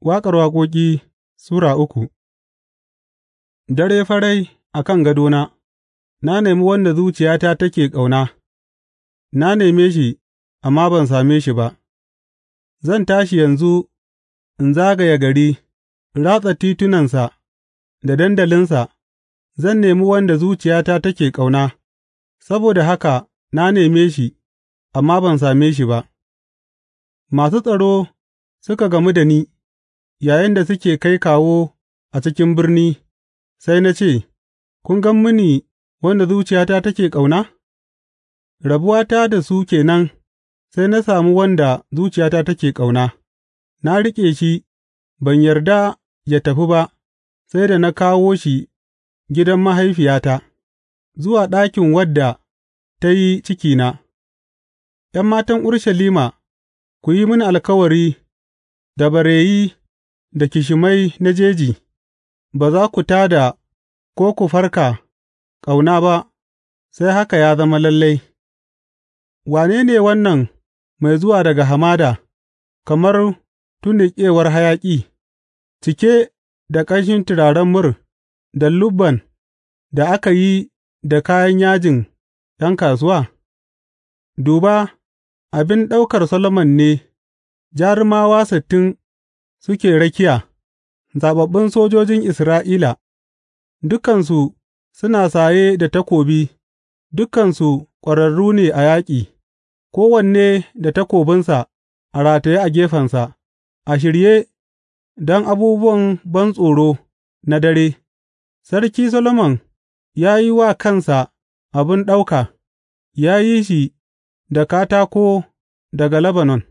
Waƙar Waƙoƙi Sura uku Dare farai a kan gadona, na nemi wanda zuciyata take ƙauna; na neme shi, amma ban same shi ba, zan tashi yanzu in zagaya gari, in ratsa titunansa da dandalinsa, zan nemi wanda zuciyata take ƙauna, saboda haka na neme shi, amma ban same shi ba; masu tsaro suka gamu da ni. Yayinda suke kai kawo a cikin birni, sai na ce, Kun gan mini wanda zuciyata take ƙauna? Rabuwata da su ke nan sai na sami wanda zuciyata take ƙauna; na riƙe shi, ban yarda ya tafi ba sai da na kawo shi gidan mahaifiyata, zuwa ɗakin wadda ta yi cikina. ’Yan matan Urushalima, ku yi mini alkawari da bareyi. da kishimai na jeji, ba za ku tā da ko ku farka ƙauna ba, sai haka ya zama lalle. Wane ne wannan mai zuwa daga hamada, kamar tunnuƙewar hayaƙi, cike da ƙanshin turaren mur da lubban da aka yi da kayan yajin ’yan kasuwa? Duba, abin ɗaukar Solomon ne, jarumawa sittin suke rakiya, zaɓaɓɓun sojojin Isra'ila, dukansu suna saye da takobi, dukansu ƙwararru ne a yaƙi, kowanne da takobinsa a rataye a gefensa, a shirye don abubuwan bantsoro na dare. Sarki Solomon ya yi wa kansa abin ɗauka, ya yi shi da katako daga Lebanon,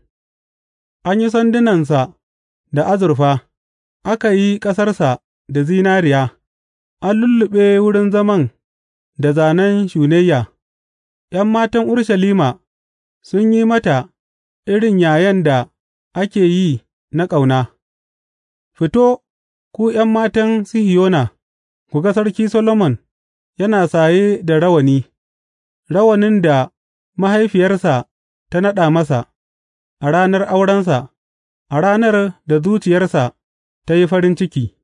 an yi sandunansa. da azurfa, aka yi ƙasarsa da zinariya, an lulluɓe wurin zaman da zanen shunayya, ’yan matan Urushalima sun yi mata irin yayen da ake yi na ƙauna, Fito, ku ’yan matan Sihiyona, ku ga Sarki Solomon yana saye da rawani, rawanin da mahaifiyarsa ta naɗa masa, a ranar aurensa. a ranar da zuciyarsa ta yi farin ciki.